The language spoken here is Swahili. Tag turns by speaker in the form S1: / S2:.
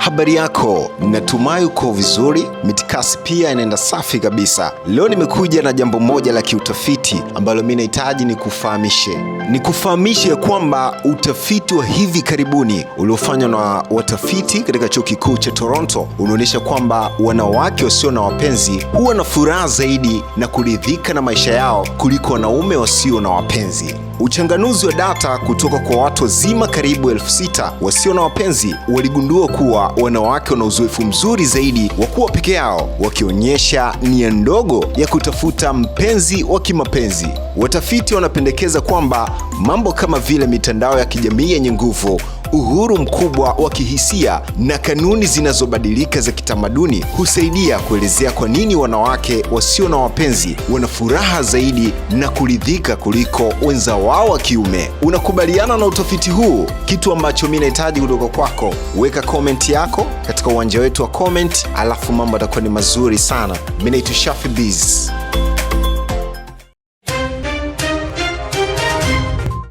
S1: Habari yako, natumai uko vizuri. Mitikasi pia inaenda safi kabisa. Leo nimekuja na jambo moja la kiutafiti ambalo mi nahitaji nikufahamishe, nikufahamishe kwamba utafiti wa hivi karibuni uliofanywa na watafiti katika chuo kikuu cha Toronto unaonyesha kwamba wanawake wasio na wapenzi huwa na furaha zaidi na kuridhika na maisha yao kuliko wanaume wasio na wapenzi. Uchanganuzi wa data kutoka kwa watu wazima karibu elfu sita wasio na wapenzi waligundua kuwa wanawake wana uzoefu mzuri zaidi wa kuwa peke yao, wakionyesha nia ndogo ya kutafuta mpenzi wa kimapenzi. Watafiti wanapendekeza kwamba mambo kama vile mitandao ya kijamii yenye nguvu uhuru mkubwa wa kihisia na kanuni zinazobadilika za kitamaduni husaidia kuelezea kwa nini wanawake wasio na wapenzi wana furaha zaidi na kuridhika kuliko wenza wao wa kiume. Unakubaliana na utafiti huu? Kitu ambacho mi nahitaji kutoka kwako, weka komenti yako katika uwanja wetu wa comment, alafu mambo atakuwa ni mazuri sana. Mi naitwa Shafi Biz.